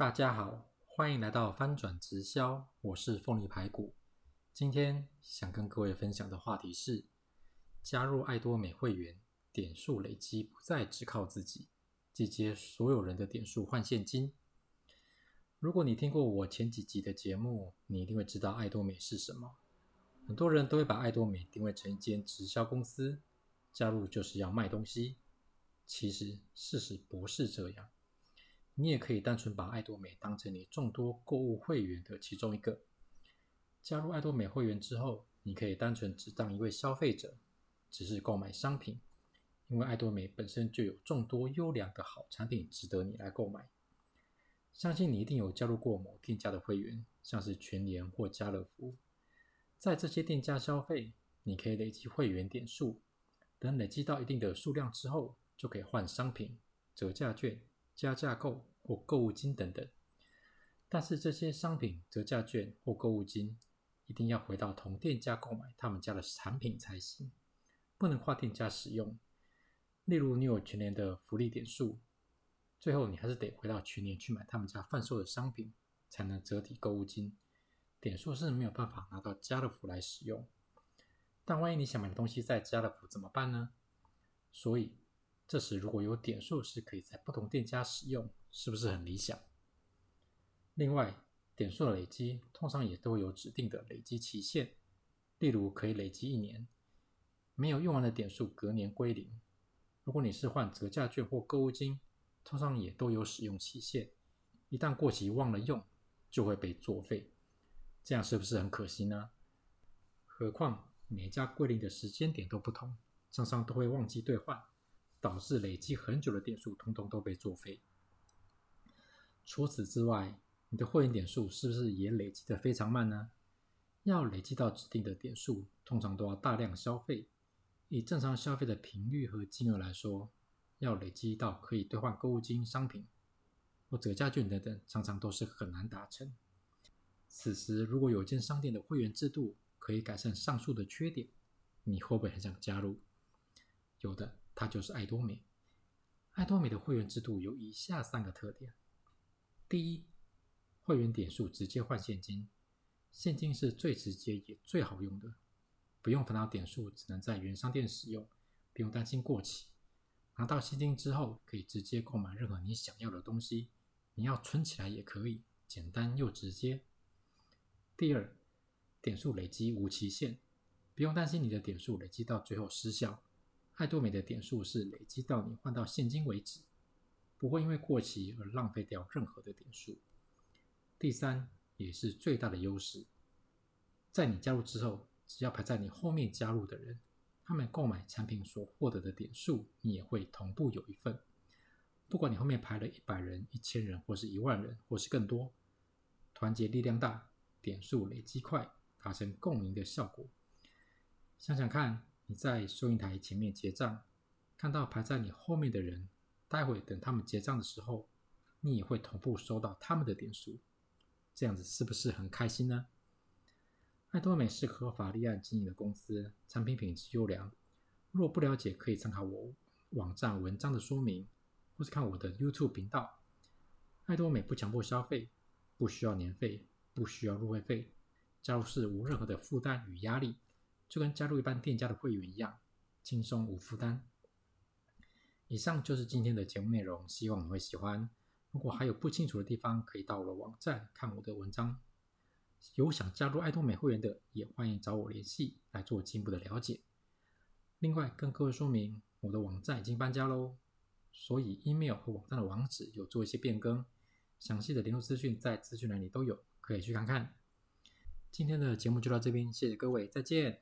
大家好，歡迎來到翻轉直銷，我是鳳梨排骨。今天想跟各位分享的話題是，加入愛多美會員，點數累積不再只靠自己，集結所有人的點數換現金。如果你聽過我前幾集的節目，你一定會知道愛多美是什麼。很多人都會把愛多美定位成一間直銷公司，加入就是要賣東西。其實事實不是這樣。你也可以單純把艾多美當成你眾多購物會員的其中一個。加入艾多美會員之後，你可以單純只當一位消費者，只是購買商品，因為艾多美本身就有眾多優良的好產品值得你來購買。相信你一定有加入過某店家的會員，像是全聯或家樂福，在這些店家消費，你可以累積會員點數，等累積到一定的數量之後，就可以換商品折價券、加價購或購物金等等，但是這些商品折價券或購物金一定要回到同店家購買他們家的產品才行，不能跨店家使用。例如你有全聯的福利點數，最後你還是得回到全聯去買他們家販售的商品，才能折抵購物金。點數是沒有辦法拿到家樂福來使用。但萬一你想買的東西在家樂福怎麼辦呢？所以。這時，如果有點數是可以在不同店家使用，是不是很理想？另外，點數的累積通常也都有指定的累積期限，例如可以累積一年，沒有用完的點數隔年歸零。如果你是換折價券或購物金，通常也都有使用期限，一旦過期忘了用，就會被作廢，這樣是不是很可惜呢？何況每家歸零的時間點都不同，常常都會忘記兌換。導致累積很久的點數通通都被作廢。除此之外，你的會員點數是不是也累積得非常慢呢？要累積到指定的點數，通常都要大量消費。以正常消費的頻率和金額來說，要累積到可以兌換購物金、商品或折價券等等，常常都是很難達成。此時，如果有間商店的會員制度可以改善上述的缺點，你會不會很想加入？有的。它就是艾多美，艾多美的會員制度有以下三個特點：第一，會員點數直接換現金，現金是最直接也最好用的，不用煩惱點數只能在原商店使用，不用擔心過期。拿到現金之後，可以直接購買任何你想要的東西，你要存起來也可以，簡單又直接。第二，點數累積無期限，不用擔心你的點數累積到最後失效。艾多美的點數是累積到你換到現金為止，不會因為過期而浪費掉任何的點數。第三，也是最大的優勢，在你加入之後，只要排在你後面加入的人，他們購買產品所獲得的點數，你也會同步有一份。不管你後面排了一百人、一千人，或是一萬人，或是更多，團結力量大，點數累積快，達成共贏的效果。想想看。你在收銀台前面結賬，看到排在你後面的人，待會等他們結賬的時候，你也會同步收到他們的點數，這樣子是不是很開心呢？艾多美是合法立案經營的公司，產品品質優良。若不了解，可以參考我網站文章的說明，或是看我的 YouTube 頻道。艾多美不強迫消費，不需要年費，不需要入會費，加入是無任何的負擔與壓力。就跟加入一般店家的會員一樣，輕鬆無負擔。以上就是今天的節目內容，希望你會喜歡。如果還有不清楚的地方，可以到我的網站看我的文章。有想加入艾多美會員的，也歡迎找我聯繫來做進一步的了解。另外，跟各位說明，我的網站已經搬家嘍，所以 email 和網站的網址有做一些變更。詳細的聯絡資訊在資訊欄裡都有，可以去看看。今天的節目就到這邊，謝謝各位，再見。